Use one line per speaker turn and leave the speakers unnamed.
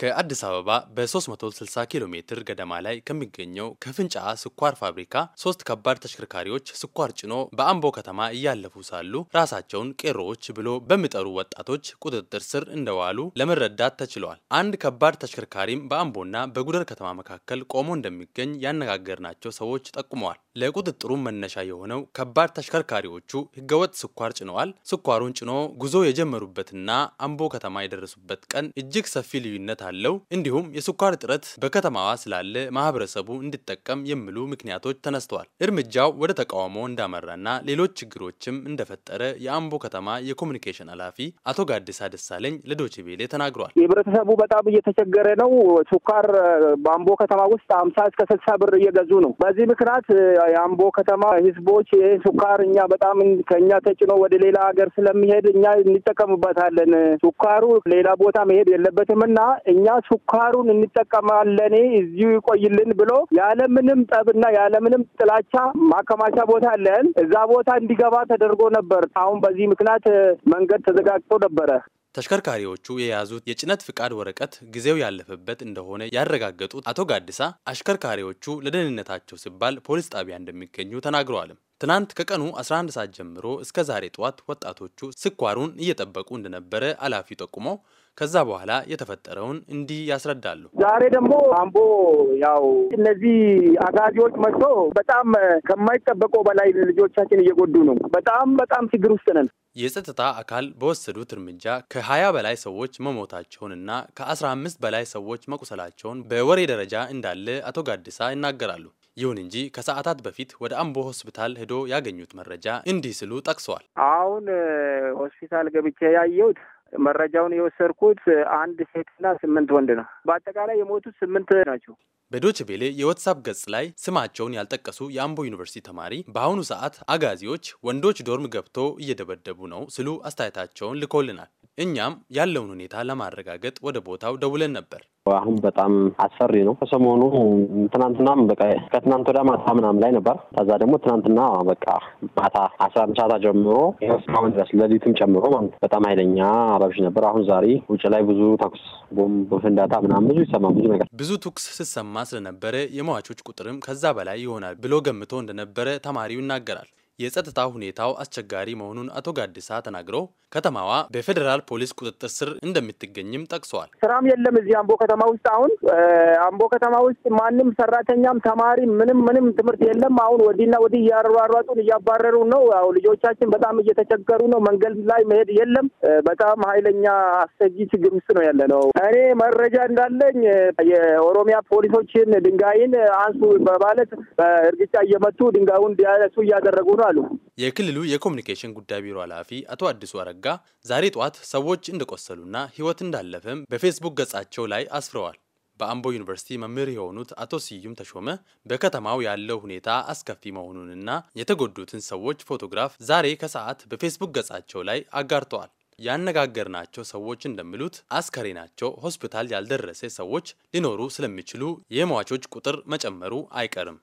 ከአዲስ አበባ በ360 ኪሎ ሜትር ገደማ ላይ ከሚገኘው ከፍንጫ ስኳር ፋብሪካ ሶስት ከባድ ተሽከርካሪዎች ስኳር ጭኖ በአምቦ ከተማ እያለፉ ሳሉ ራሳቸውን ቄሮዎች ብሎ በሚጠሩ ወጣቶች ቁጥጥር ስር እንደዋሉ ለመረዳት ተችሏል። አንድ ከባድ ተሽከርካሪም በአምቦና በጉደር ከተማ መካከል ቆሞ እንደሚገኝ ያነጋገርናቸው ሰዎች ጠቁመዋል። ለቁጥጥሩ መነሻ የሆነው ከባድ ተሽከርካሪዎቹ ህገወጥ ስኳር ጭነዋል። ስኳሩን ጭኖ ጉዞ የጀመሩበትና አምቦ ከተማ የደረሱበት ቀን እጅግ ሰፊ ልዩነት አለው እንዲሁም የስኳር እጥረት በከተማዋ ስላለ ማህበረሰቡ እንዲጠቀም የሚሉ ምክንያቶች ተነስተዋል። እርምጃው ወደ ተቃውሞ እንዳመራና ሌሎች ችግሮችም እንደፈጠረ የአምቦ ከተማ የኮሚኒኬሽን ኃላፊ አቶ ጋዲሳ ደሳለኝ ለዶችቤሌ ተናግሯል።
ህብረተሰቡ በጣም እየተቸገረ ነው። ስኳር በአምቦ ከተማ ውስጥ አምሳ እስከ ስልሳ ብር እየገዙ ነው። በዚህ ምክንያት የአምቦ ከተማ ህዝቦች ይህ ስኳር እኛ በጣም ከእኛ ተጭኖ ወደ ሌላ ሀገር ስለሚሄድ እኛ እንጠቀምበታለን። ስኳሩ ሌላ ቦታ መሄድ የለበትም እና እኛ ሱካሩን እንጠቀማለን እዚሁ ይቆይልን ብሎ ያለምንም ጠብና ያለምንም ጥላቻ ማከማቻ ቦታ አለን እዛ ቦታ እንዲገባ ተደርጎ ነበር። አሁን በዚህ ምክንያት መንገድ ተዘጋግቶ ነበረ።
ተሽከርካሪዎቹ የያዙት የጭነት ፍቃድ ወረቀት ጊዜው ያለፈበት እንደሆነ ያረጋገጡት አቶ ጋዲሳ አሽከርካሪዎቹ ለደህንነታቸው ሲባል ፖሊስ ጣቢያ እንደሚገኙ ተናግረዋልም። ትናንት ከቀኑ 11 ሰዓት ጀምሮ እስከ ዛሬ ጠዋት ወጣቶቹ ስኳሩን እየጠበቁ እንደነበረ ኃላፊው ጠቁመው ከዛ በኋላ የተፈጠረውን እንዲህ ያስረዳሉ።
ዛሬ ደግሞ አምቦ ያው እነዚህ አጋዚዎች መጥቶ በጣም ከማይጠበቀው በላይ ልጆቻችን እየጎዱ ነው። በጣም በጣም ችግር ውስጥ ነን።
የጸጥታ አካል በወሰዱት እርምጃ ከ በላይ ሰዎች መሞታቸውንና ከ15 በላይ ሰዎች መቁሰላቸውን በወሬ ደረጃ እንዳለ አቶ ጋድሳ ይናገራሉ። ይሁን እንጂ ከሰዓታት በፊት ወደ አምቦ ሆስፒታል ሄዶ ያገኙት መረጃ እንዲህ ስሉ ጠቅሰዋል።
አሁን ሆስፒታል ገብቼ ያየሁት መረጃውን የወሰድኩት አንድ ሴትና ስምንት ወንድ ነው። በአጠቃላይ የሞቱት ስምንት ናቸው።
በዶች ቤሌ የዋትሳፕ ገጽ ላይ ስማቸውን ያልጠቀሱ የአምቦ ዩኒቨርሲቲ ተማሪ በአሁኑ ሰዓት አጋዚዎች ወንዶች ዶርም ገብቶ እየደበደቡ ነው ስሉ አስተያየታቸውን ልኮልናል። እኛም ያለውን ሁኔታ ለማረጋገጥ ወደ ቦታው ደውለን ነበር። አሁን በጣም አስፈሪ ነው። ከሰሞኑ ትናንትናም በቃ ከትናንት ወደ ማታ ምናምን ላይ ነበር። ከዛ ደግሞ ትናንትና በቃ ማታ አስራ አንድ ሰዓት ጀምሮ እስካሁን ድረስ ሌሊትም ጨምሮ ማለት በጣም ኃይለኛ ረብሽ ነበር። አሁን ዛሬ ውጭ ላይ ብዙ ተኩስ፣ ቦምብ ፍንዳታ ምናምን ብዙ ይሰማ ብዙ ነገር ብዙ ተኩስ ስሰማ ስለነበረ የሟቾች ቁጥርም ከዛ በላይ ይሆናል ብሎ ገምቶ እንደነበረ ተማሪው ይናገራል። የጸጥታ ሁኔታው አስቸጋሪ መሆኑን አቶ ጋዲሳ ተናግሮ ከተማዋ በፌዴራል ፖሊስ ቁጥጥር ስር እንደምትገኝም ጠቅሰዋል።
ስራም የለም እዚህ አምቦ ከተማ ውስጥ አሁን አምቦ ከተማ ውስጥ ማንም ሰራተኛም ተማሪ ምንም ምንም ትምህርት የለም። አሁን ወዲና ወዲህ እያሯሯጡን እያባረሩ ነው። አሁን ልጆቻችን በጣም እየተቸገሩ ነው። መንገድ ላይ መሄድ የለም። በጣም ኃይለኛ አስጊ ችግር ውስጥ ነው ያለ ነው። እኔ መረጃ እንዳለኝ የኦሮሚያ ፖሊሶችን ድንጋይን አንሱ በማለት በእርግጫ እየመቱ ድንጋዩን እንዲያነሱ እያደረጉ ነው። አሉ።
የክልሉ የኮሚኒኬሽን ጉዳይ ቢሮ ኃላፊ አቶ አዲሱ አረጋ ዛሬ ጠዋት ሰዎች እንደቆሰሉና ሕይወት እንዳለፈም በፌስቡክ ገጻቸው ላይ አስፍረዋል። በአምቦ ዩኒቨርሲቲ መምህር የሆኑት አቶ ስዩም ተሾመ በከተማው ያለው ሁኔታ አስከፊ መሆኑንና የተጎዱትን ሰዎች ፎቶግራፍ ዛሬ ከሰዓት በፌስቡክ ገጻቸው ላይ አጋርተዋል። ያነጋገርናቸው ሰዎች እንደሚሉት አስከሬናቸው ሆስፒታል ያልደረሰ ሰዎች ሊኖሩ ስለሚችሉ የሟቾች ቁጥር መጨመሩ አይቀርም።